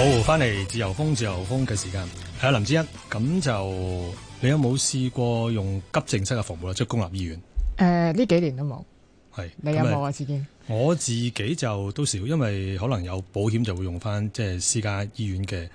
好，翻嚟自由風自由風嘅時間，係啊，林之一，咁就你有冇試過用急症室嘅服務啊？即係公立醫院。誒，呢幾年都冇。係，你有冇啊？志堅，我自己就都少，因為可能有保險就會用翻即係私家醫院嘅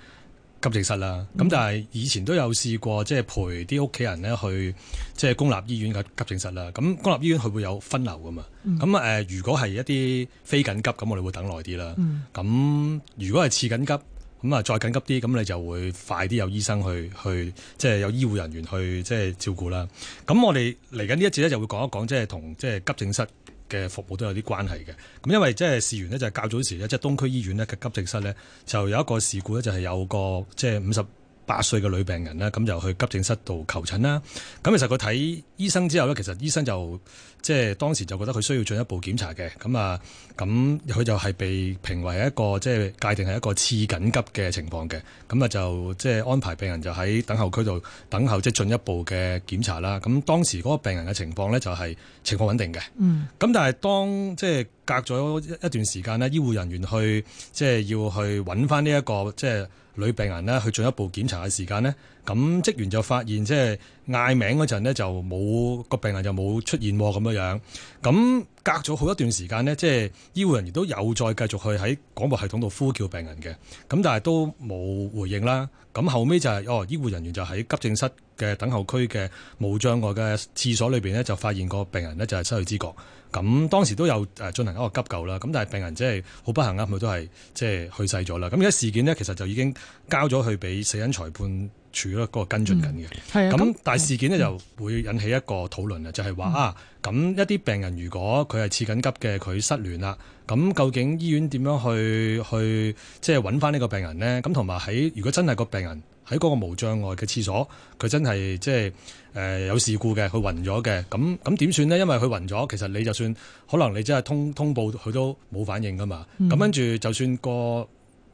急症室啦。咁、嗯、但係以前都有試過，即係陪啲屋企人咧去即係公立醫院嘅急症室啦。咁公立醫院佢會有分流噶嘛？咁、嗯、誒，如果係一啲非緊急，咁我哋會等耐啲啦。咁、嗯、如果係次緊急。咁啊，再緊急啲，咁你就會快啲有醫生去去，即係有醫護人員去即係照顧啦。咁我哋嚟緊呢一節咧，就會講一講即係同即係急症室嘅服務都有啲關係嘅。咁因為即係事緣咧，就係較早時咧，即係東區醫院咧嘅急症室呢，就有一個事故咧，就係有個即係五十八歲嘅女病人啦，咁就去急症室度求診啦。咁其實佢睇醫生之後咧，其實醫生就即係當時就覺得佢需要進一步檢查嘅，咁啊，咁佢就係被評為一個即係、就是、界定係一個次緊急嘅情況嘅，咁啊就即係安排病人就喺等候區度等候即係、就是、進一步嘅檢查啦。咁當時嗰個病人嘅情況咧就係情況穩定嘅，嗯，咁但係當即係隔咗一段時間咧，醫護人員去即係、就是、要去揾翻呢一個即係、就是、女病人咧去進一步檢查嘅時間咧。咁職員就發現，即係嗌名嗰陣呢，就冇個病人就冇出現咁樣。咁隔咗好一段時間呢，即係醫護人員都有再繼續去喺廣播系統度呼叫病人嘅。咁但係都冇回應啦。咁後尾就係哦，醫護人員就喺急症室嘅等候區嘅無障礙嘅廁所裏面呢，就發現個病人呢，就係失去知覺。咁當時都有誒進行一個急救啦。咁但係病人即係好不幸啱佢都係即係去世咗啦。咁而家事件呢，其實就已經交咗去俾死因裁判。處咯，嗰個跟進緊嘅，咁但係事件咧就會引起一個討論嘅，就係、是、話、嗯、啊，咁一啲病人如果佢係次緊急嘅，佢失聯啦，咁究竟醫院點樣去去即係搵返呢個病人咧？咁同埋喺如果真係個病人喺嗰個無障礙嘅廁所，佢真係即係誒有事故嘅，佢暈咗嘅，咁咁點算咧？因為佢暈咗，其實你就算可能你真係通通報佢都冇反應㗎嘛，咁、嗯、跟住就算個。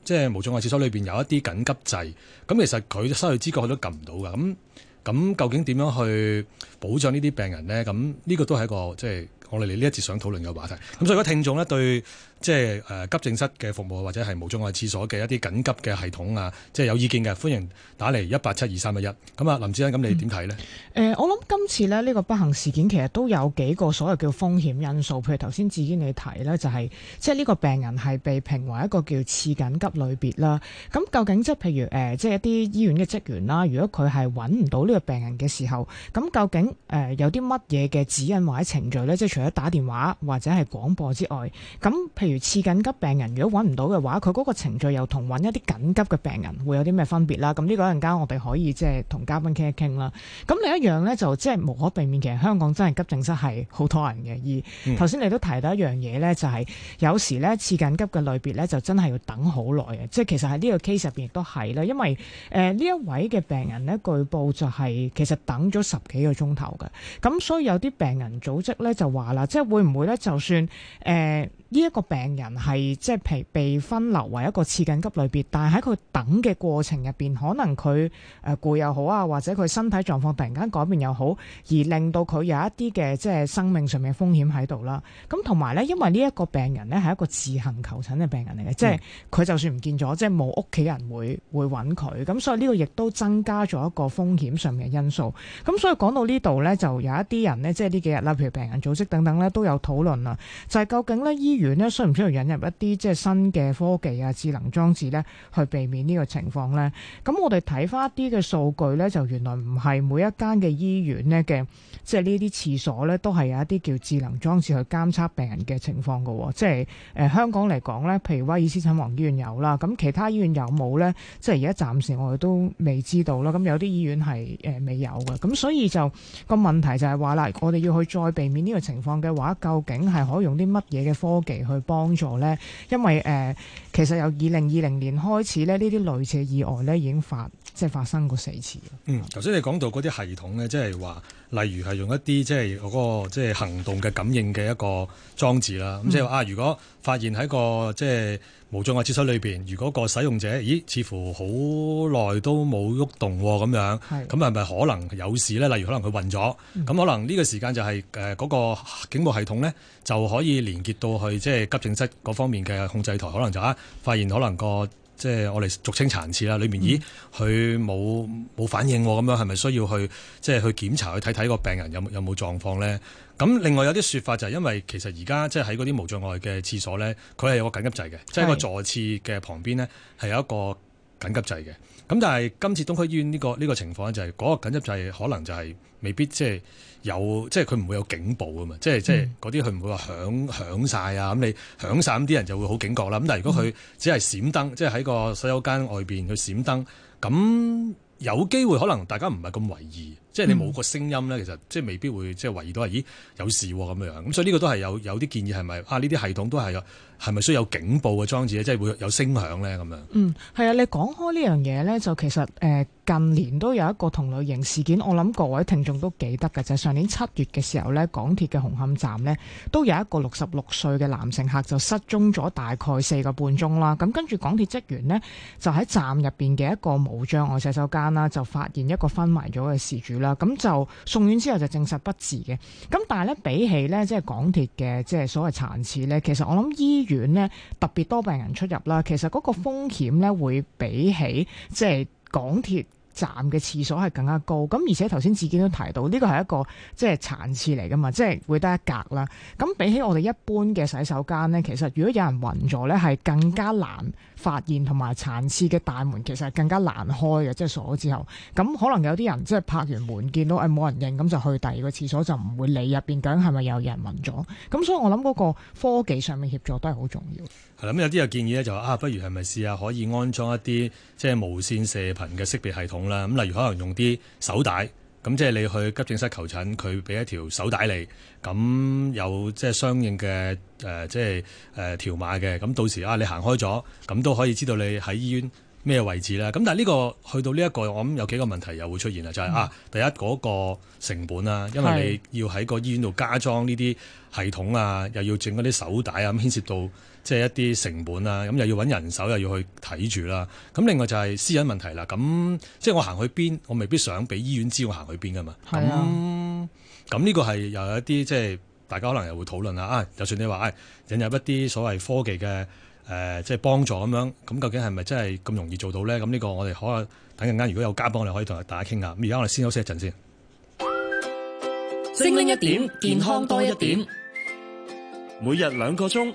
即係無障礙廁所裏邊有一啲緊急掣，咁其實佢失去知覺佢都撳唔到㗎。咁咁究竟點樣去保障呢啲病人咧？咁呢個都係一個即係、就是、我哋嚟呢一節想討論嘅話題。咁所以如果聽眾咧對即係急症室嘅服務或者係無障礙廁所嘅一啲緊急嘅系統啊，即係有意見嘅，歡迎打嚟一八七二三一一。咁啊，陸志聰，咁你點睇呢？嗯呃、我諗今次咧呢個不幸事件其實都有幾個所謂叫風險因素，譬如頭先志堅你提呢，就係、是、即係呢個病人係被評為一個叫次緊急類別啦。咁究竟即係譬如、呃、即係一啲醫院嘅職員啦，如果佢係揾唔到呢個病人嘅時候，咁究竟、呃、有啲乜嘢嘅指引或者程序呢？即係除咗打電話或者係廣播之外，咁譬如。如次緊急病人，如果揾唔到嘅話，佢嗰個程序又同揾一啲緊急嘅病人會有啲咩分別啦？咁呢個一陣間我哋可以即係同嘉賓傾一傾啦。咁另一樣咧就即係無可避免，其實香港真係急症室係好多人嘅。而頭先你都提到一樣嘢咧，就係有時咧次緊急嘅類別咧就真係要等好耐嘅。即係其實喺呢個 case 入邊亦都係啦，因為誒呢一位嘅病人咧據報就係其實等咗十幾個鐘頭嘅。咁所以有啲病人組織咧就話啦，即係會唔會咧就算誒呢一個病。病人係即係被分流為一個次緊急類別，但係喺佢等嘅過程入邊，可能佢誒攰，又好啊，或者佢身體狀況突然間改變又好，而令到佢有一啲嘅即係生命上面嘅風險喺度啦。咁同埋呢，因為呢一個病人呢係一個自行求診嘅病人嚟嘅，嗯，即係佢就算唔見咗，即係冇屋企人會會揾佢，咁所以呢個亦都增加咗一個風險上面嘅因素。咁所以講到呢度呢，就有一啲人呢，即係呢幾日啦，譬如病人組織等等呢，都有討論啦，就係、是、究竟呢醫院呢，雖然，需要引入一啲即係新嘅科技啊，智能裝置咧，去避免呢個情況咧。咁我哋睇翻一啲嘅數據咧，就原來唔係每一間嘅醫院咧嘅，即係呢啲廁所咧，都係有一啲叫智能裝置去監測病人嘅情況噶、哦。即係誒、呃、香港嚟講咧，譬如威爾斯親王醫院有啦，咁其他醫院有冇咧？即係而家暫時我哋都未知道啦。咁有啲醫院係誒未有嘅，咁所以就個問題就係話啦，我哋要去再避免呢個情況嘅話，究竟係可以用啲乜嘢嘅科技去幫。幫助咧，因為誒、呃、其實由二零二零年開始咧，呢啲類似嘅意外咧已經發。即係發生過四次。嗯，頭先你講到嗰啲系統咧，即係話，例如係用一啲即係嗰個即係行動嘅感應嘅一個裝置啦。咁即係話啊，如果發現喺個即係、就是、無障礙廁所裏面，如果個使用者，咦，似乎好耐都冇喐動咁樣，咁係咪可能有事咧？例如可能佢暈咗，咁、嗯、可能呢個時間就係、是、嗰、呃嗰個警務系統咧就可以連結到去即係、就是、急症室嗰方面嘅控制台，可能就啊發現可能個。即、就、係、是、我哋俗稱殘次啦，裏面咦佢冇冇反應咁樣，係咪需要去即係、就是、去檢查去睇睇個病人有冇有冇狀況咧？咁另外有啲說法就係因為其實而家即係喺嗰啲無障礙嘅廁所咧，佢係有個緊急掣嘅，即係、就是、個座廁嘅旁邊咧係有一個。緊急掣嘅，咁但係今次東區醫院呢個呢個情況就係嗰個緊急掣可能就係未必即係有，即係佢唔會有警報啊嘛，即係即係嗰啲佢唔會話響響晒啊，咁你響晒，啲人就會好警覺啦、啊。咁但係如果佢只係閃燈，即係喺個洗手間外面佢閃燈，咁有機會可能大家唔係咁懷疑。即係你冇個聲音咧、嗯，其實即係未必會即係懷疑到話，咦有事喎、啊、咁樣。咁所以呢個都係有有啲建議係咪啊？呢啲系統都係係咪需要有警報嘅裝置，即係會有聲響咧咁樣。嗯，係啊。你講開呢樣嘢咧，就其實、呃、近年都有一個同類型事件，我諗各位聽眾都記得㗎。就上、係、年七月嘅時候咧，港鐵嘅紅磡站咧都有一個六十六歲嘅男乘客就失蹤咗大概四個半鐘啦。咁跟住港鐵職員呢，就喺站入面嘅一個冇障礙洗手間啦，就發現一個昏迷咗嘅事主。啦，咁就送院之後就證實不治嘅。咁但係咧，比起咧，即係港鐵嘅即係所謂殘廁咧，其實我諗醫院咧特別多病人出入啦，其實嗰個風險咧會比起即係港鐵。站嘅廁所係更加高，咁而且頭先志聰都提到，呢個係一個即係殘廁嚟㗎嘛，即係會得一格啦。咁比起我哋一般嘅洗手間呢，其實如果有人暈咗呢，係更加難發現，同埋殘廁嘅大門其實係更加難開嘅，即係鎖咗之後。咁可能有啲人即係拍完門，見到誒冇、哎、人認，咁就去第二個廁所，就唔會理入邊究竟係咪有人暈咗。咁所以我諗嗰個科技上面協助都係好重要。咁、嗯、有啲嘅建議咧，就啊，不如係咪試下可以安裝一啲即係無線射頻嘅識別系統啦？咁例如可能用啲手帶，咁即係你去急症室求診，佢俾一條手帶你，咁有即係相應嘅、呃、即係誒、呃、條碼嘅。咁到時啊，你行開咗，咁都可以知道你喺醫院咩位置啦。咁但係、呢、呢個去到呢、呢、一個，我諗有幾個問題又會出現啦，就係、係嗯、啊，第一嗰、嗰個成本啦，因為你要喺個醫院度加裝呢啲系統啊，又要整嗰啲手帶啊，咁牽涉到。即係一啲成本啦，咁又要搵人手，又要去睇住啦。咁另外就係私隱問題啦。咁即係我行去邊，我未必想俾醫院知我行去邊噶嘛。咁咁呢個係又有一啲即係大家可能又會討論啦。啊、哎，就算你話、哎、引入一啲所謂科技嘅、呃、即係幫助咁樣，咁究竟係咪真係咁容易做到咧？咁呢個我哋可能等陣間如果有嘉賓，我哋可以同大家傾下。咁而家我哋先休息一陣先。聲音一點，健康多一點，每日兩個鐘。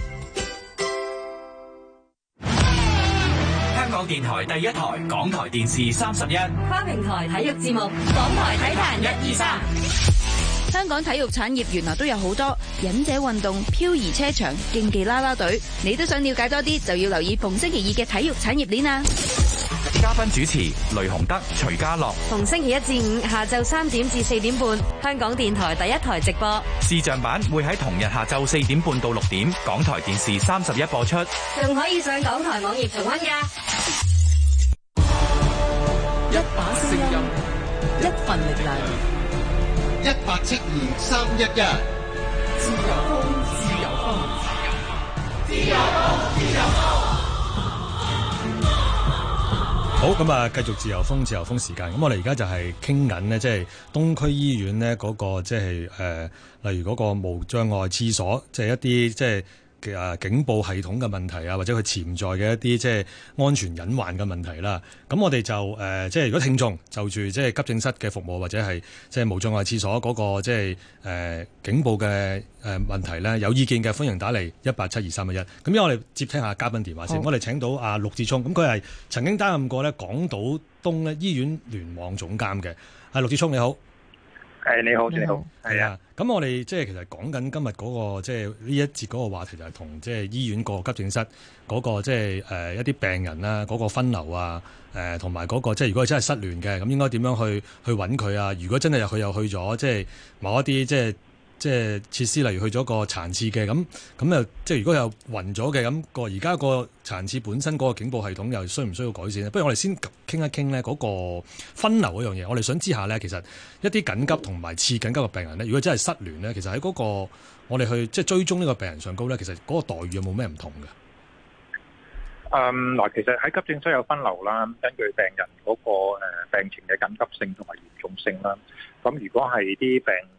電台第一台，港台電視三十一，跨平台體育節目，港台體壇一二三，香港體育產業原來都有好多忍者運動、漂移車場、競技啦啦隊，你都想了解多啲，就要留意逢星期二嘅體育產業鏈啊！嘉賓主持雷洪德、徐家樂，逢星期一至五下晝三點至四點半，香港電台第一台直播。視像版會喺同日下晝四點半到六點，港台電視三十一播出。仲可以上港台網頁重温噶。一把聲音，一份力量，一八七二三一一。自由風，自由風，自由風，自由風，自由風。好，咁啊，繼續自由風自由風時間。咁我哋而家就係傾緊咧，即係東區醫院咧嗰個即係誒，例如嗰個無障礙廁所，即係一啲即係。即係嘅啊警報系統嘅問題啊，或者佢潛在嘅一啲即係安全隱患嘅問題啦。咁我哋就誒、呃，即係如果聽眾就住即係急症室嘅服務或者係即係無障礙廁所嗰、那個即係誒、呃、警報嘅誒問題咧，有意見嘅歡迎打嚟一八七二三一一。咁因為我哋接聽下嘉賓電話先。我哋請到阿、啊、陸志聰，咁佢係曾經擔任過呢港島東呢醫院聯網總監嘅。阿、啊、陸志聰你好。誒，你好，你好，係啊，咁我哋即係其實講緊今日嗰、那個即係呢一節嗰個話題就係同即係醫院個急症室嗰、那個即係誒一啲病人啦、啊，嗰、那個分流啊，誒同埋嗰個即係、就是，如果真係失聯嘅，咁應該點樣去去揾佢啊？如果真係又去又去咗，即、就、係、是、某一啲即係。就是即係設施，例如去咗個殘廁嘅咁，咁又即係如果有暈咗嘅咁個，而家個殘廁本身嗰個警報系統又需唔需要改善呢？不如我哋先傾一傾呢嗰個分流嗰樣嘢。我哋想知下呢，其實一啲緊急同埋次緊急嘅病人呢，如果真係失聯呢，其實喺嗰個我哋去即係追蹤呢個病人上高呢，其實嗰個待遇有冇咩唔同㗎？嗯，嗱，其實喺急症室有分流啦，根據病人嗰個病情嘅緊急性同埋嚴重性啦。咁如果係啲病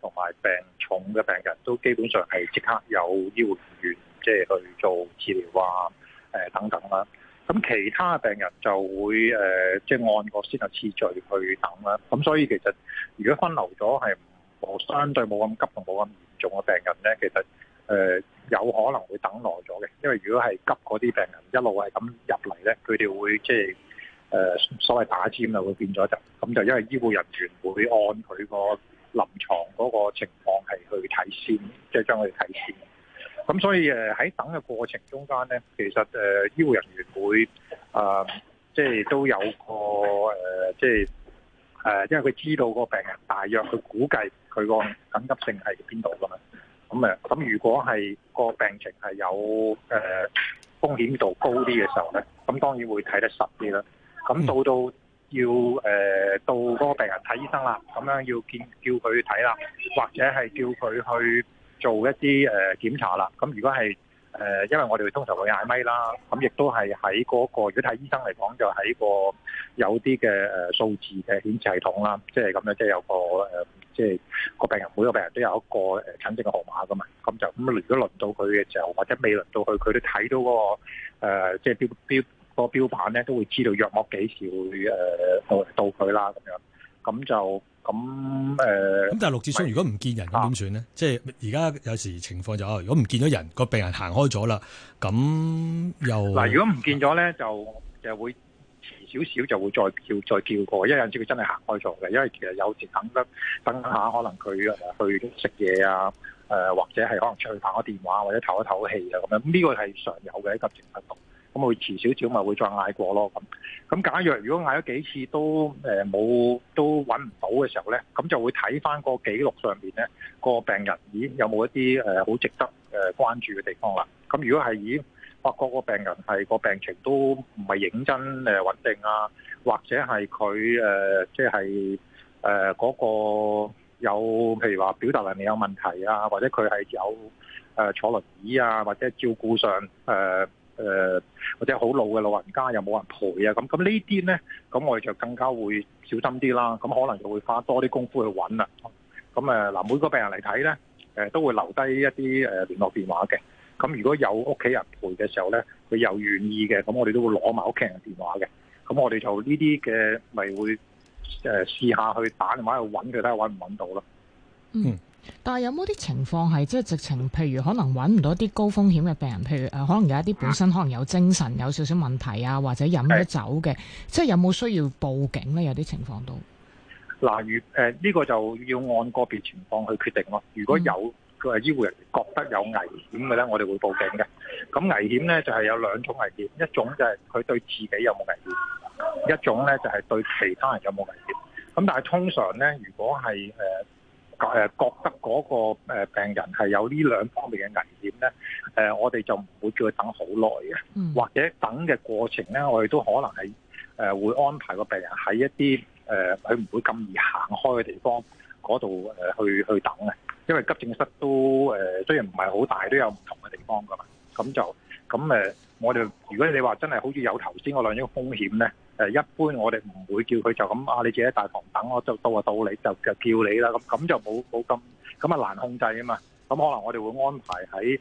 同埋病重嘅病人都基本上係即刻有醫護人員即係去做治療啊，誒等等啦。咁其他嘅病人就會誒即係按個先後次序去等啦。咁所以其實如果分流咗係係相對冇咁急同冇咁嚴重嘅病人咧，其實誒有可能會等耐咗嘅。因為如果係急嗰啲病人一路係咁入嚟咧，佢哋會即係誒所謂打尖啦，會變咗就咁就因為醫護人員會按佢個。臨床嗰個情況係去睇先，即係將佢哋睇先。咁所以誒喺等嘅過程中間咧，其實誒醫護人員會誒即係都有個誒即係誒，因為佢知道個病人大約佢估計佢個緊急性係邊度噶嘛。咁誒咁如果係個病情係有誒、呃、風險度高啲嘅時候咧，咁當然會睇得實啲啦。咁到到要誒、呃、到嗰個病人睇醫生啦，咁樣要見叫佢睇啦，或者係叫佢去做一啲誒、呃、檢查啦。咁如果係誒、呃，因為我哋通常會嗌咪啦，咁亦都係喺嗰個。如果睇醫生嚟講，就喺個有啲嘅誒數字嘅顯示系統啦，即係咁樣，即、就、係、是、有個誒，即、呃、係、就是、個病人每個病人都有一個誒診症嘅號碼噶嘛。咁就咁，如果輪到佢嘅時候，或者未輪到佢，佢都睇到嗰、那個即係標標。呃就是個標板咧都會知道約莫幾時會誒、呃、到佢啦，咁樣，咁就咁誒。咁、呃、但係陸志聰，如果唔見人咁點算咧？即係而家有時情況就啊、是，如果唔見咗人、個病人行開咗啦，咁又嗱，如果唔見咗咧就就會遲少少就會再叫再叫過，因為有陣時佢真係行開咗嘅，因為其實有時等得等下可能佢去食嘢啊，誒、呃、或者係可能出去打個電話或者唞一唞氣啊咁樣，呢個係常有嘅喺急症室度。咁會遲少少，咪會再嗌過咯。咁咁假若如，如果嗌咗幾次都誒冇，都揾唔到嘅時候咧，咁就會睇翻個記錄上面咧個病人已經有冇一啲誒好值得誒關注嘅地方啦？咁如果係已經發覺個病人係個病情都唔係認真誒穩定啊，或者係佢誒即係誒嗰個有譬如話表達能力有問題啊，或者佢係有誒坐輪椅啊，或者照顧上誒、呃。誒或者好老嘅老人家又冇人陪啊，咁咁呢啲咧，咁我哋就更加會小心啲啦。咁可能就會花多啲功夫去揾啦。咁誒嗱，每個病人嚟睇咧，誒都會留低一啲誒聯絡電話嘅。咁如果有屋企人陪嘅時候咧，佢又願意嘅，咁我哋都會攞埋屋企人電話嘅。咁我哋就呢啲嘅咪會誒試下去打電話去揾佢，睇下揾唔揾到咯。嗯。但係有冇啲情況係即係直情，譬如可能揾唔到啲高風險嘅病人，譬如誒、呃，可能有一啲本身可能有精神有少少問題啊，或者飲咗酒嘅，即係有冇需要報警咧？有啲情況都嗱，如誒呢個就要按個別情況去決定咯。如果有佢係、嗯、醫護人員覺得有危險嘅咧，我哋會報警嘅。咁危險咧就係、是、有兩種危險，一種就係佢對自己有冇危險，一種咧就係對其他人有冇危險。咁但係通常咧，如果係誒。呃誒覺得嗰個病人係有呢兩方面嘅危險咧，誒我哋就唔會再等好耐嘅，或者等嘅過程咧，我哋都可能係誒會安排個病人喺一啲誒佢唔會咁易行開嘅地方嗰度誒去去等嘅，因為急症室都誒雖然唔係好大，都有唔同嘅地方㗎嘛，咁就。咁我哋如果你話真係好似有頭先嗰兩種風險咧，一般我哋唔會叫佢就咁啊，你自己喺大堂等我，我就到啊，到你就就叫你啦。咁咁就冇冇咁咁啊難控制啊嘛。咁可能我哋會安排喺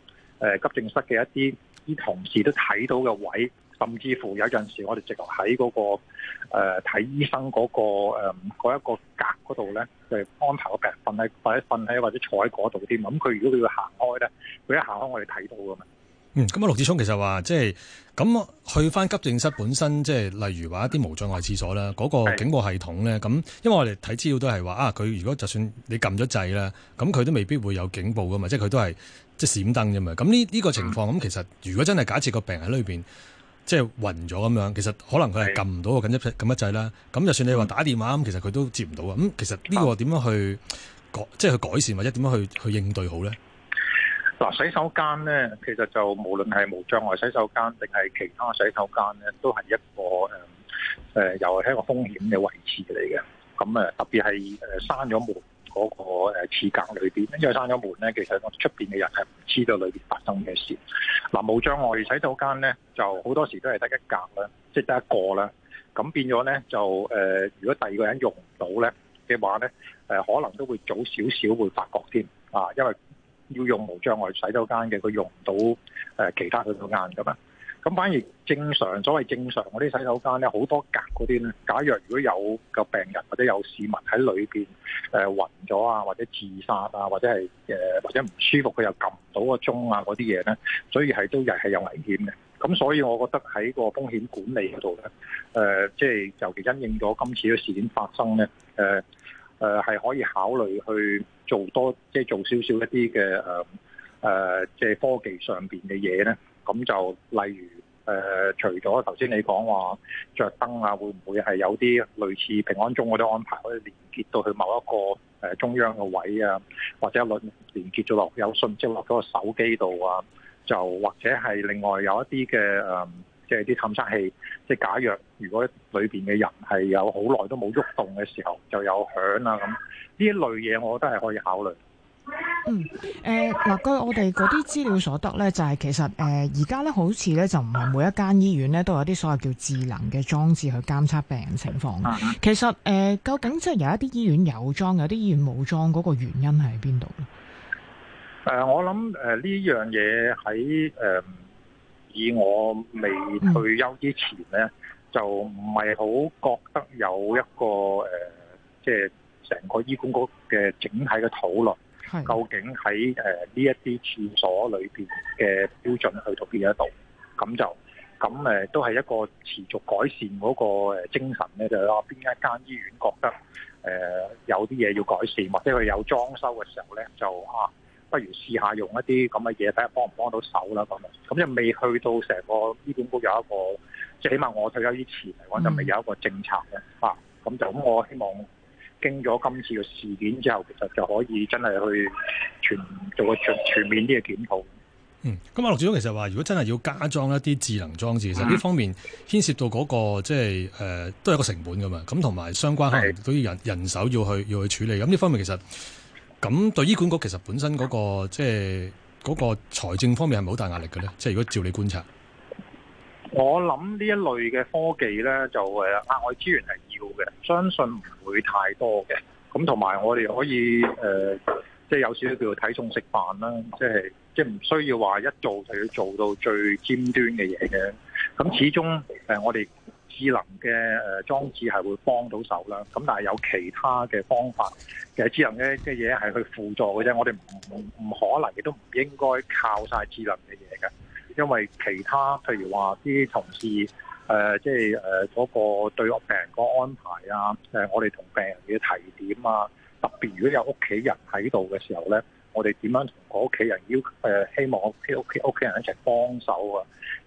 急症室嘅一啲啲同事都睇到嘅位，甚至乎有陣時我哋直頭喺嗰個睇、呃、醫生嗰、嗰個嗰、嗯、一個隔嗰度咧，就係安排個病瞓喺或者瞓喺或者坐喺嗰度添。咁佢如果佢要行開咧，佢一行開我哋睇到㗎嘛。嗯，咁、嗯、啊，陸志聰其實話即係咁去返急症室本身，即係例如話一啲無障礙廁所啦，嗰、那個警報系統咧，咁因為我哋睇資料都係話啊，佢如果就算你撳咗掣啦，咁佢都未必會有警報噶嘛，即係佢都係即係閃燈啫嘛。咁呢呢個情況咁、嗯，其實如果真係假設個病喺裏面，即係暈咗咁樣，其實可能佢係撳唔到個緊急掣一掣啦。咁就算你話打電話咁、嗯，其實佢都接唔到、嗯、啊。咁其實呢個點樣去改，即係去改善或者點樣去去應對好咧？嗱，洗手間咧，其實就無論係無障礙洗手間定係其他洗手間咧，都係一個誒誒，又、呃、係一個風險嘅位置嚟嘅。咁誒，特別係誒閂咗門嗰個誒廁間裏邊，因為閂咗門咧，其實出邊嘅人係唔知道裏邊發生嘅事。嗱、呃，無障礙洗手間咧，就好多時都係得一格啦，即、就、係、是、得一個啦。咁變咗咧，就誒、呃，如果第二個人用唔到咧嘅話咧，誒可能都會早少少會發覺添啊、呃，因為。要用無障礙洗手間嘅，佢用唔到誒其他嗰種間嘅嘛。咁反而正常所謂正常嗰啲洗手間咧，好多格嗰啲咧。假若如果有個病人或者有市民喺裏邊誒暈咗啊，或者自殺啊，或者係誒、呃、或者唔舒服，佢又撳唔到個鐘啊嗰啲嘢咧，所以係都又係有危險嘅。咁所以我覺得喺個風險管理嗰度咧，誒即係尤其因應咗今次嘅事件發生咧，誒、呃。誒係可以考慮去做多即係、就是、做少少一啲嘅誒即係科技上邊嘅嘢咧。咁就例如誒、呃，除咗頭先你講話着燈啊，會唔會係有啲類似平安鐘嗰啲安排，可以連結到去某一個中央嘅位啊，或者連結咗落有訊息落嗰個手機度啊，就或者係另外有一啲嘅即係啲探測器，即係假若如果裏邊嘅人係有好耐都冇喐動嘅時候，就有響啊，咁呢一類嘢，我覺得係可以考慮。嗯，誒、呃，嗱據我哋嗰啲資料所得呢，就係、係、其實誒而家呢，呃、好似呢，就唔係每一間醫院呢都有啲所謂叫智能嘅裝置去監測病人嘅情況。其實誒、呃，究竟即係有一啲醫院有裝，有啲醫院冇裝，嗰、嗰個原因係邊度呢？誒、呃，我諗誒呢樣嘢喺誒。呃以我未退休之前咧，就唔係好覺得有一個誒即係成個醫管局嘅整體嘅討論，究竟喺誒呢一啲廁所裏邊嘅標準去到邊一度，咁就咁誒都係一個持續改善嗰個誒精神咧，就係話邊一間醫院覺得誒有啲嘢要改善，或者佢有裝修嘅時候咧，就啊～不如試下用一啲咁嘅嘢，睇下幫唔幫到手啦。咁就咁又未去到成個醫管局有一個，即係起碼我退休之前嚟講，就未有一個政策嘅嚇。咁、嗯啊、就咁，我希望經咗今次嘅事件之後，其實就可以真係去全做個全全面啲嘅檢討。嗯，咁啊，陸志聰其實話，如果真係要加裝一啲智能裝置，其實呢方面牽涉到嗰、那個即係誒，都係一個成本噶嘛。咁同埋相關係都要人人手要去要去處理。咁呢方面其實。咁對醫管局其實本身嗰個即係嗰個財政方面係咪好大壓力嘅咧？即係如果照你觀察，我諗呢一類嘅科技咧，就誒額外資源係要嘅，相信唔會太多嘅。咁同埋我哋可以、呃、即係有少少叫做睇餸食飯啦，即係即係唔需要話一做就要做到最尖端嘅嘢嘅。咁始終、呃、我哋。智能嘅誒裝置係會幫到手啦，咁但係有其他嘅方法，其實智能嘅嘅嘢係去輔助嘅啫，我哋唔唔可能亦都唔應該靠晒智能嘅嘢嘅，因為其他譬如話啲同事誒即係誒嗰個對屋病人個安排啊，誒我哋同病人嘅提點啊，特別如果有屋企人喺度嘅時候咧。我哋點樣同我屋企人要求誒，希望屋企屋企屋企人一齊幫手啊！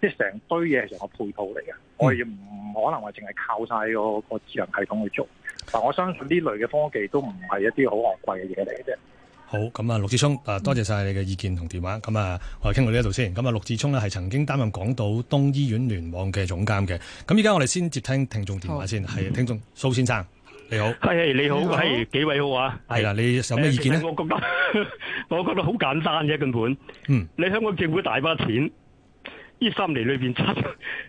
即係成堆嘢係成個配套嚟嘅。嗯，我哋唔可能話淨係靠晒個智能系統去捉。但我相信呢類嘅科技都唔係一啲好昂貴嘅嘢嚟嘅啫。好，咁啊，陸志聰，啊，多謝晒你嘅意見同電話。咁啊，我哋傾到呢一度先。咁啊，陸志聰咧係曾經擔任港島東醫院聯網嘅總監嘅。咁依家我哋先接聽聽眾電話先，係、嗯、聽眾蘇先生。你好，係你好，係幾位好啊？係啦，你有咩意見咧？我覺得我覺得好簡單嘅根本。嗯，你香港政府大把錢，呢三年裏邊七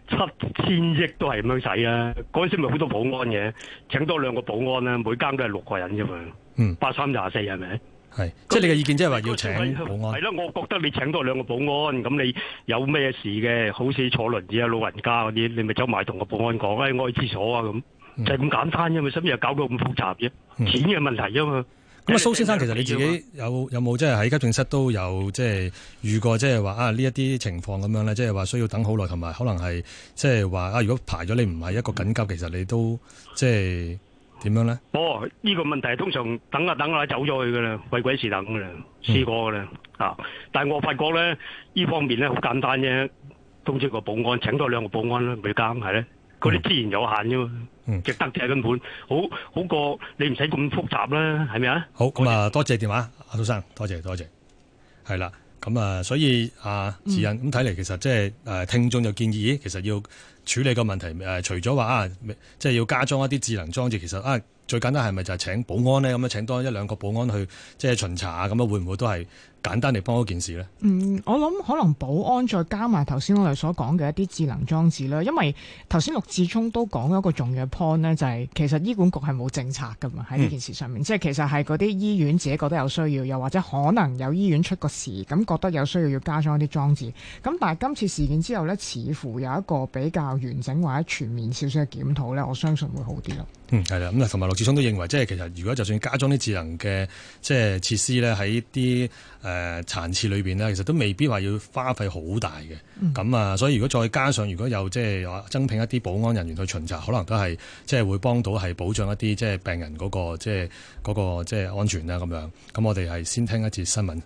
七千億都係咁樣使啊。嗰陣時咪好多保安嘅，請多兩個保安啊，每間都係六個人咁樣。嗯，八三廿四係咪？係，即係你嘅意見，即係話要請保安。係啦，我覺得你請多兩個保安，咁你有咩事嘅？好似坐輪椅啊，老人家嗰啲，你咪走埋同個保安講，誒、哎，我去廁所啊咁。就咁、係、簡單啫嘛，使咩又搞到咁複雜啫、嗯。錢嘅問題啊嘛。咁、嗯、啊，蘇先生其實你自己有有冇即係喺急症室都有即係、即係、遇過即係話啊呢一啲情況咁樣咧，即係話需要等好耐，同埋可能係即係話啊，如果排咗你唔係一個緊急，嗯、其實你都即係點樣咧？哦，呢、呢個問題通常等啊等啊，走咗去噶啦，喂鬼事等啊，試過噶啦、嗯、啊！但係我發覺咧，呢方面咧好簡單啫，通知個保安請多兩個保安啦，佢監下咧，嗰啲資源有限啫嘛。嗯嗯、值得嘅根本好，好好過你唔使咁複雜啦，係咪啊？好，咁、嗯、啊，多謝電話，阿蘇生，多謝多謝，係啦，咁、嗯、啊，所以啊，志聰咁睇嚟，其實即係誒，聽眾就建議，其實要處理個問題誒、啊，除咗話啊，即、就、係、是、要加裝一啲智能裝置，其實啊，最簡單係咪就係請保安呢？咁、嗯、樣請多一兩個保安去，即、就、係、是、巡查啊，咁樣會唔會都係？簡單嚟幫嗰件事呢，嗯，我諗可能保安再加埋頭先我哋所講嘅一啲智能裝置啦，因為頭先陸志聰都講咗一個重要 point 就係、是、其實醫管局係冇政策噶嘛，喺呢件事上面，嗯、即係其實係嗰啲醫院自己覺得有需要，又或者可能有醫院出個事咁覺得有需要要加裝一啲裝置，咁但係今次事件之後呢，似乎有一個比較完整或者全面少少嘅檢討呢，我相信會好啲咯。嗯，係啦，咁啊同埋陸志聰都認為，即係其實如果就算加裝啲智能嘅即係設施呢，喺啲誒、呃，殘廁裏邊咧，其實都未必話要花費好大嘅，咁、嗯、啊，所以如果再加上如果有即係增聘一啲保安人員去巡查，可能都係即係會幫到係保障一啲即係病人嗰、那個即係嗰個即係、就是、安全啦。咁樣，咁我哋係先聽一節新聞，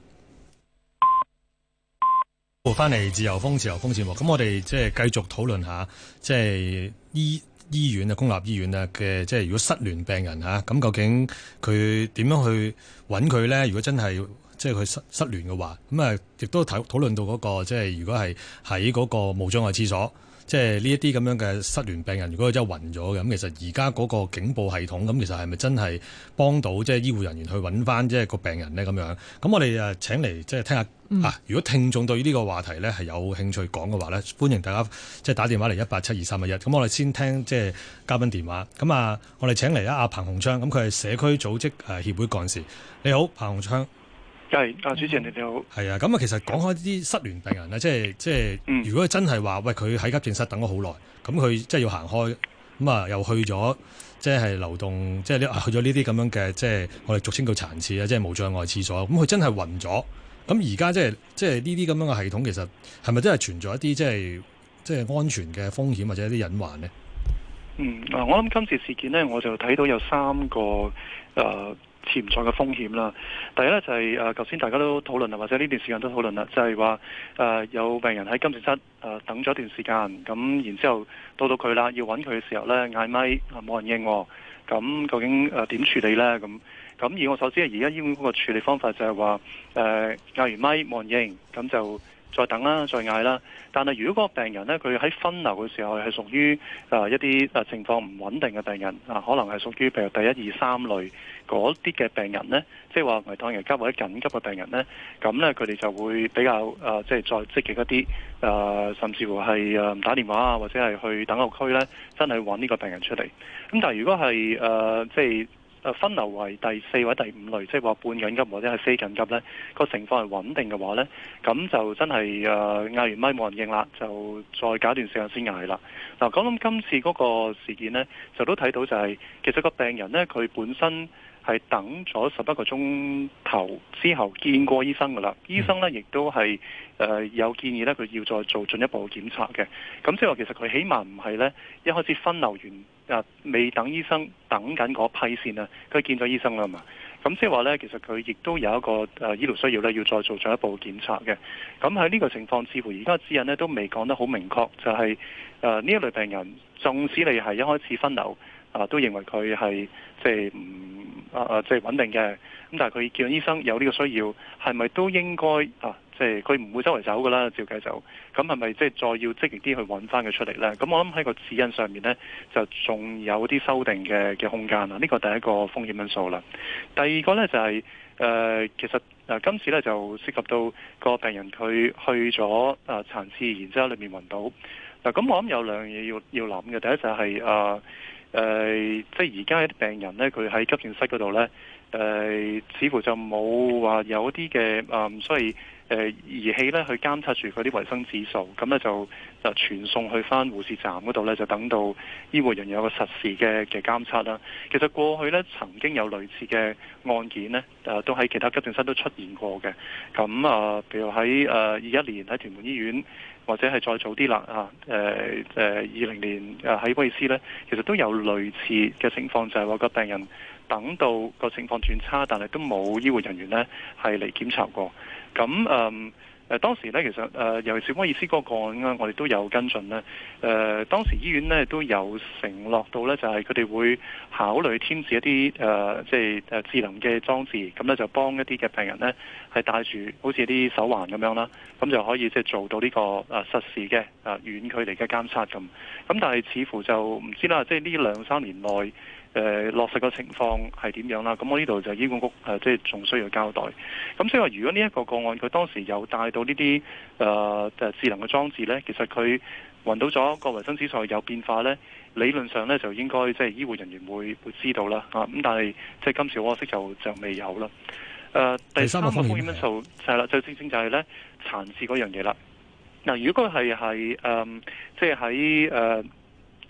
翻、哦、嚟自由風自由 Phone 節目，咁我哋即係繼續討論下，即係醫醫院啊，公立醫院啊嘅，即、就、係、是、如果失聯病人啊，咁究竟佢點樣去揾佢呢？如果真係。即係佢失失聯嘅話，咁啊，亦都討討論到嗰個即係如果係喺嗰個無障礙廁所，即係呢一啲咁樣嘅失聯病人，如果佢真係暈咗嘅咁，其實而家嗰個警報系統咁，其實係咪真係幫到即係醫護人員去揾翻即係個病人呢？咁樣咁，我哋啊請嚟即係聽下啊。如果聽眾對於呢個話題咧係有興趣講嘅話咧，歡迎大家即係打電話嚟一八七二三一一。咁我哋先聽即係嘉賓電話。咁啊，我哋請嚟啊阿彭鴻昌，咁佢係社區組織誒協會幹事。你好，彭鴻昌。係，啊，主持人你好。係啊，咁啊，其實講開啲失聯病人咧，即係即係、嗯，如果真係話喂，佢喺急症室等咗好耐，咁佢即係要行開，咁啊，又去咗，即係流動，即係咧，去咗呢啲咁樣嘅，即係我哋俗稱叫殘廁啊，即係無障礙廁所。咁佢真係暈咗，咁而家即係即係呢啲咁樣嘅系統，其實係咪真係存在一啲即係即係安全嘅風險或者一啲隱患呢？嗯，我諗今次事件呢，我就睇到有三個誒。呃潛在嘅風險啦。第一呢，就係、是、誒，頭、啊、先大家都討論啊，或者呢段時間都討論啦，就係話誒有病人喺急症室誒、啊、等咗一段時間，咁然之後到到佢啦，要揾佢嘅時候呢，嗌咪冇人應，哦，咁究竟誒點、啊、處理呢？咁咁以我所知，而家醫院嗰個處理方法就係話誒嗌完咪冇人應，咁就再等啦，再嗌啦。但係如果嗰個病人呢，佢喺分流嘅時候係屬於誒一啲誒情況唔穩定嘅病人啊，可能係屬於譬如第一二三類。嗰啲嘅病人呢，即係話危殆、危急或者緊急嘅病人呢，咁呢，佢哋就會比較即係、呃即係、再積極一啲，誒、呃、甚至乎係唔打電話啊，或者係去等候區呢，真係揾呢個病人出嚟。咁但係如果係誒，即、呃、係、即係、分流為第四或者第五類，即係話半緊急或者係非緊急呢，個情況係穩定嘅話呢，咁就真係誒嗌完咪冇人應啦，就再搞段時間先嗌啦。嗱、呃，講緊今次嗰個事件呢，就都睇到就係、係、其實個病人呢，佢本身，係等咗十一個鐘頭之後見過醫生㗎啦，醫生呢亦都係誒、呃、有建議呢佢要再做進一步的檢查嘅。咁即係話其實佢起碼唔係呢一開始分流完、呃、未等醫生等緊嗰批先啊，佢見咗醫生啦嘛。咁即係話呢，其實佢亦都有一個誒、呃、醫療需要呢要再做進一步的檢查嘅。咁喺呢個情況，似乎而家指引呢都未講得好明確，就係誒呢一類病人，縱使你係一開始分流。啊、都認為佢係即係唔、嗯、啊啊，即係穩定嘅。咁但係佢叫醫生有呢個需要，係咪都應該啊？即係佢唔會周圍走噶啦，照計就咁，係咪即係再要積極啲去搵翻佢出嚟咧？咁我諗喺個指引上面咧，就仲有啲修訂嘅嘅空間啦。呢個第一個風險因素啦。第二個咧就係、是、誒、呃，其實啊今次咧就涉及到個病人佢去咗啊殘廁然之後裏面搵到嗱，咁、啊、我諗有兩樣嘢要要諗嘅。第一就係、是、啊。誒、呃，即係而家啲病人咧，佢喺急症室嗰度咧，誒、呃，似乎就冇話有，有一啲嘅，誒、呃，所以誒、呃，儀器咧去監測住嗰啲維生指數，咁咧就。就傳送去翻護士站嗰度呢就等到醫護人員有個實時嘅嘅監測啦。其實過去呢曾經有類似嘅案件呢、呃、都喺其他急症室都出現過嘅。咁啊，譬、呃、如喺二一年喺屯門醫院，或者係再早啲啦二零年喺威爾斯呢，其實都有類似嘅情況，就係、是、話個病人等到個情況轉差，但係都冇醫護人員呢係嚟檢查過。咁誒當時咧，其實誒、呃，尤其是摩爾斯嗰個案啊，我哋都有跟進咧。誒、呃、當時醫院咧都有承諾到咧，就係佢哋會考慮添置一啲誒、呃，即係智能嘅裝置，咁咧就幫一啲嘅病人咧係帶住好似啲手環咁樣啦，咁就可以即係做到呢個誒實時嘅誒遠距離嘅監測咁。咁但係似乎就唔知啦，即係呢兩三年內。誒、呃、落實嘅情況係點樣啦？咁我呢度就醫管局誒、呃，即係仲需要交代。咁所以話，如果呢一個個案佢當時有帶到呢啲誒誒智能嘅裝置咧，其實佢揾到咗個維生指數有變化咧，理論上咧就應該即係醫護人員會會知道啦。啊，咁但係即係今次我識就就未有啦。誒、呃，第三個風險因素就係啦，就正正就係咧殘廁嗰樣嘢啦。嗱、呃，如果係係誒，即係喺誒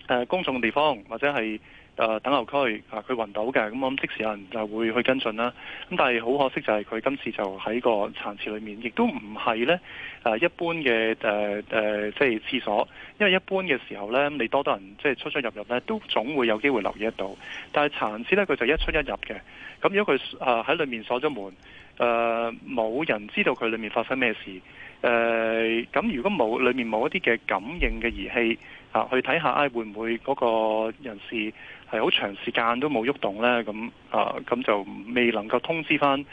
誒公眾嘅地方或者係，誒、呃、等候區，啊，佢暈倒嘅，咁我諗即時有人就會去跟進啦。咁但係好可惜就係佢今次就喺個殘廁裏面，亦都唔係呢誒、呃、一般嘅誒、呃呃、即係廁所，因為一般嘅時候呢，你多多人即係出出入入呢，都總會有機會留意得到。但係殘廁呢，佢就一出一入嘅。咁如果佢誒喺裏面鎖咗門，誒、呃、冇人知道佢裏面發生咩事。誒、呃、咁如果冇裏面冇一啲嘅感應嘅儀器。啊！去睇下，唉，會唔會嗰個人士係好長時間都冇喐動呢？咁啊，咁就未能夠通知返誒、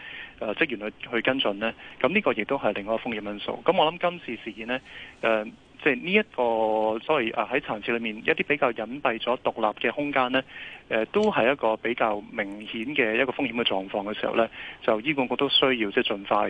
啊、職員去去跟進呢。咁呢個亦都係另外一個風險因素。咁我諗今次事件呢。誒、啊。即係呢一個，所謂啊喺層次裏面一啲比較隱蔽咗獨立嘅空間呢，誒、呃、都係一個比較明顯嘅一個風險嘅狀況嘅時候呢，就醫管局都需要即係盡快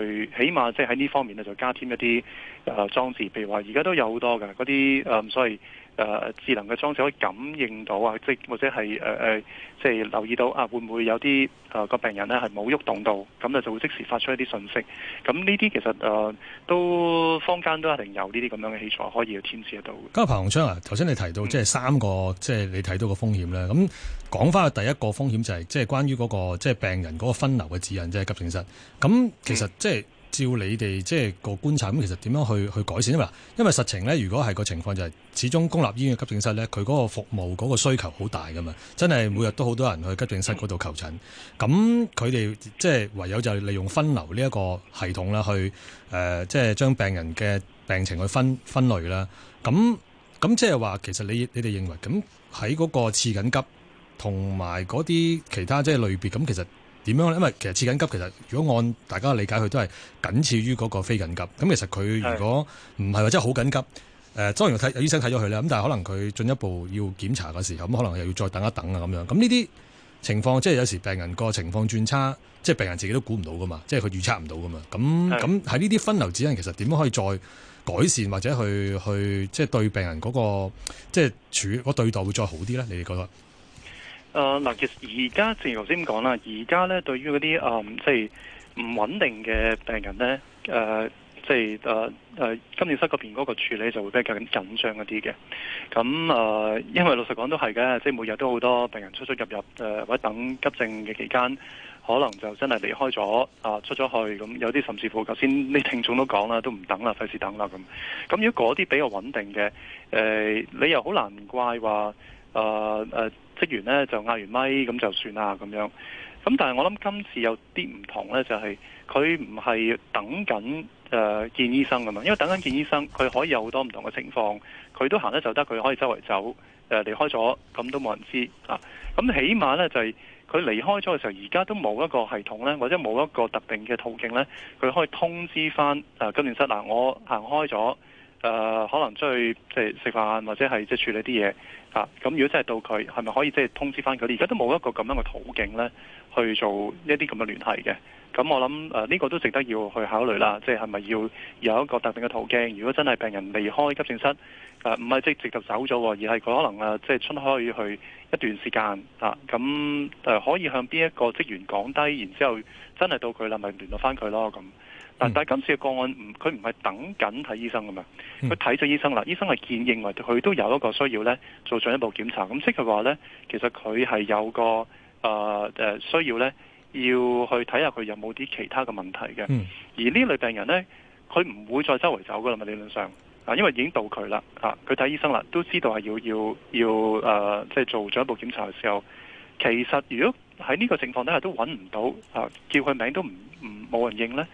去，起碼即係喺呢方面呢，就加添一啲誒裝置，譬如話而家都有好多嘅嗰啲誒，所謂。誒智能嘅裝置可以感應到啊，即係或者係誒誒，即、呃、係、呃就是、留意到啊，會唔會有啲誒、呃、個病人咧係冇喐動到，咁就就會即時發出一啲信息。咁呢啲其實誒、呃、都坊間都一定有呢啲咁樣嘅器材可以去添置得到。咁阿彭鴻昌啊，頭、嗯、先你提到即係三個即係你睇到嘅風險咧，咁講翻去第一個風險就係即係關於嗰個即係病人嗰個分流嘅指引即係、就是、急症室。咁其實即、就、係、是。嗯照你哋即係個觀察咁，其實點樣去去改善啊嘛？因為實情咧，如果係個情況就係始終公立醫院嘅急症室咧，佢嗰個服務嗰個需求好大噶嘛，真係每日都好多人去急症室嗰度求診，咁佢哋即係唯有就係利用分流呢一個系統啦，去、呃、誒即係將病人嘅病情去分分類啦。咁咁即係話其實你你哋認為，咁喺嗰個次緊急同埋嗰啲其他即係類別，咁，其實。點樣咧？因為其實次緊急其實如果按大家理解，佢都係僅次於嗰個非緊急。咁其實佢如果唔係話真係好緊急，誒、呃、當然睇有醫生睇咗佢啦。咁但係可能佢進一步要檢查嘅時候，咁可能又要再等一等啊咁樣。咁呢啲情況即係有時病人個情況轉差，即係病人自己都估唔到噶嘛，即係佢預測唔到噶嘛。咁咁喺呢啲分流指引，其實點樣可以再改善或者去去即係對病人嗰、嗰個即係處個對待會再好啲咧？你哋覺得？誒、呃、嗱，其實而家正如頭先咁講啦，而家咧對於嗰啲誒即係唔穩定嘅病人咧，誒、呃、即係誒誒急症室嗰邊嗰個處理就會比較緊緊張一啲嘅。咁誒、呃，因為老實講都係嘅，即係每日都好多病人出出入入，誒、呃、或者等急症嘅期間，可能就真係離開咗啊、呃，出咗去了。咁有啲甚至乎頭先啲聽眾都講啦，都唔等啦，費事等啦咁。咁如果嗰啲比較穩定嘅，誒、呃、你又好難怪話誒誒。呃呃不如呢就嗌完咪咁就算啦咁樣。咁但係我諗今次有啲唔同呢，就係佢唔係等緊誒、呃、見醫生咁嘛，因為等緊見醫生，佢可以有好多唔同嘅情況，佢都行得走得，佢可以周圍走、呃、離開咗，咁都冇人知啊。咁起碼呢，就係、是、佢離開咗嘅時候，而家都冇一個系統呢，或者冇一個特定嘅途徑呢，佢可以通知翻啊急症室嗱，我行開咗。誒、呃、可能出去即係食飯或者係即係處理啲嘢啊！咁如果真係到佢係咪可以即係、就是、通知翻佢？而家都冇一個咁樣嘅途徑咧，去做一啲咁嘅聯繫嘅。咁、啊、我諗誒呢個都值得要去考慮啦。即係係咪要有一個特定嘅途徑？如果真係病人離開急症室，誒唔係即直接走咗，而係佢可能誒即係出開去一段時間啊？咁誒、啊、可以向邊一個職員講低，然之後真係到佢啦，咪聯絡翻佢咯咁。啊但係今次嘅個案唔，佢唔係等緊睇醫生嘅嘛，佢睇咗醫生啦，醫生係建議話佢都有一個需要咧做進一步檢查。咁即係話咧，其實佢係有個誒誒、呃呃、需要咧，要去睇下佢有冇啲其他嘅問題嘅。嗯、而呢類病人咧，佢唔會再周圍走嘅啦嘛，理論上啊，因為已經到佢啦啊，佢睇醫生啦，都知道係要要要誒、呃，即係做進一步檢查嘅時候，其實如果喺呢個情況底下都揾唔到啊，叫佢名都唔唔冇人應咧。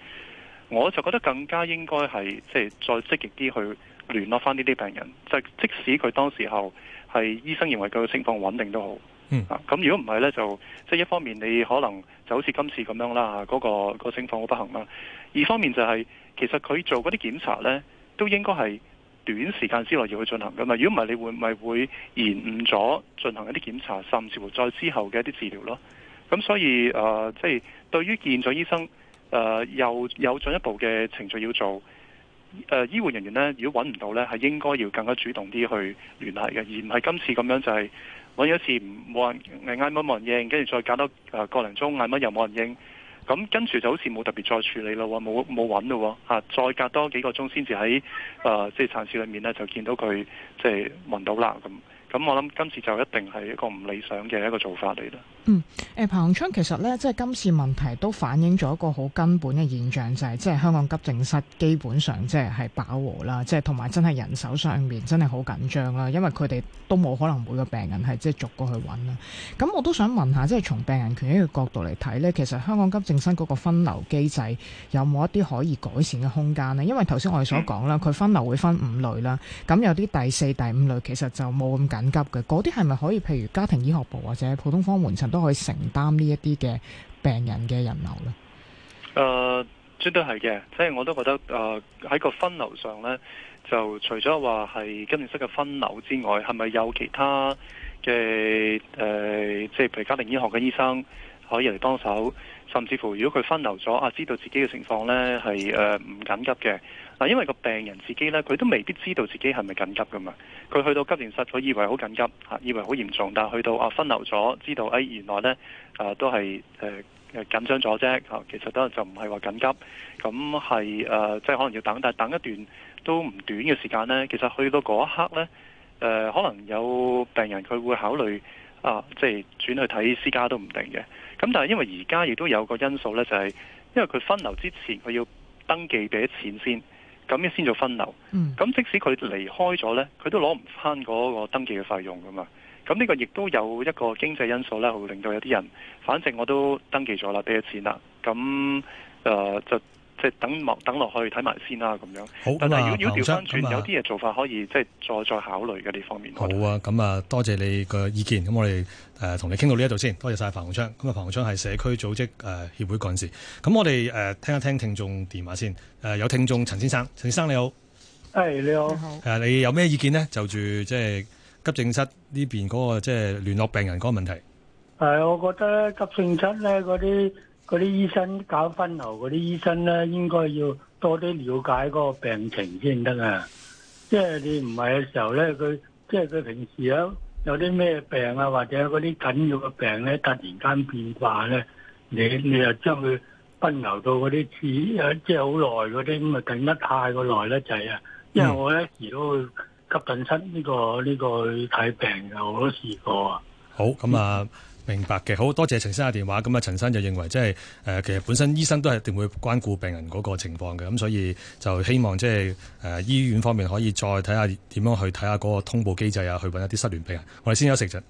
我就覺得更加應該係即係再積極啲去聯絡翻呢啲病人，即係即使佢當時候係醫生認為佢嘅情況穩定都好，嗯，啊咁如果唔係呢，就即係一方面你可能就好似今次咁樣啦，嗰個個情況好不幸啦；二方面就係其實佢做嗰啲檢查呢，都應該係短時間之內要去進行㗎嘛。如果唔係，你會唔會延誤咗進行一啲檢查，甚至乎再之後嘅一啲治療咯。咁所以誒，即係對於見咗醫生。誒、呃、又有進一步嘅程序要做，誒、呃、醫護人員呢，如果揾唔到呢，係應該要更加主動啲去聯繫嘅，而唔係今次咁樣就係揾咗一次冇人，嗌乜冇人應，跟住再隔、呃、多誒個零鐘嗌乜又冇人應，咁跟住就好似冇特別再處理咯，冇冇揾咯，嚇、啊、再隔多幾個鐘先至喺誒即係殘廁裏面呢，就見到佢即係揾到啦咁，咁我諗今次就一定係一個唔理想嘅一個做法嚟啦。嗯呃、彭鴻昌其實呢，即係今次問題都反映咗一個好根本嘅現象，就係、係、即香港急症室基本上即係係飽和啦，即係同埋真係人手上面真係好緊張啦，因為佢哋都冇可能每個病人係即係逐個去揾啦。咁我都想問下，即係從病人權益呢個角度嚟睇呢，其實香港急症室嗰個分流機制有冇一啲可以改善嘅空間呢？因為頭先我哋所講啦，佢分流會分五類啦，咁有啲第四、第五類其實就冇咁緊急嘅，嗰啲係咪可以譬如家庭醫學部或者普通科門診都？去承擔呢一啲嘅病人嘅人流咧？誒、呃，絕對係嘅，即係我都覺得誒喺、呃、個分流上呢，就除咗話係急症室嘅分流之外，係咪有其他嘅誒、呃，即係譬如家庭醫學嘅醫生可以嚟幫手，甚至乎如果佢分流咗啊，知道自己嘅情況呢係誒唔緊急嘅。嗱，因為個病人自己咧，佢都未必知道自己係咪緊急噶嘛。佢去到急症室，佢以為好緊急，嚇，以為好嚴重，但係去到啊分流咗，知道誒、哎、原來咧，啊、呃、都係誒誒緊張咗啫。嚇、呃，其實都就唔係話緊急，咁係誒即係可能要等，但係等一段都唔短嘅時間咧。其實去到嗰一刻咧，誒、呃、可能有病人佢會考慮啊，即、呃、係、就係、轉去睇私家都唔定嘅。咁但係因為而家亦都有一個因素咧，就係、係、因為佢分流之前，佢要登記俾錢先。咁樣先做分流，咁即使佢離開咗呢，佢都攞唔翻嗰個登記嘅費用噶嘛。咁呢個亦都有一個經濟因素呢，會令到有啲人，反正我都登記咗啦，俾咗錢啦，咁誒、呃、就。即、就、係、是、等落等落去睇埋先啦，咁樣。好，但係如果如果調翻轉，有啲嘢做法可以即係、啊、再再考慮嘅呢方面。好啊，咁啊，多謝你嘅意見。咁我哋誒同你傾到呢一度先。多謝晒彭鴻昌。咁啊，彭鴻昌係社區組織誒協、呃、會幹事。咁我哋誒、呃、聽一聽聽眾電話先。誒、呃、有聽眾陳先生，陳先生你好，係、hey, 你好。誒、呃、你有咩意見呢？就住即係急症室呢邊嗰個即係聯絡病人嗰個問題。係、hey，我覺得急症室咧嗰啲。嗰啲醫生搞分流，嗰啲醫生咧應該要多啲了解嗰個病情先得啊！即係你唔係嘅時候咧，佢即係佢平時有有啲咩病啊，或者嗰啲緊要嘅病咧，突然間變化咧，你你又將佢分流到嗰啲治，即係好耐嗰啲咁啊，等得太過耐得滯啊！因為我一時都會急診室呢個、嗯、呢個去睇病嘅，我都試過啊。好咁啊！明白嘅，好多謝陳生嘅電話。咁啊，陳生就認為即係其實本身醫生都係一定會關顧病人嗰個情況嘅。咁所以就希望即係誒醫院方面可以再睇下點樣去睇下嗰個通報機制啊，去搵一啲失聯病人。我哋先休息一陣。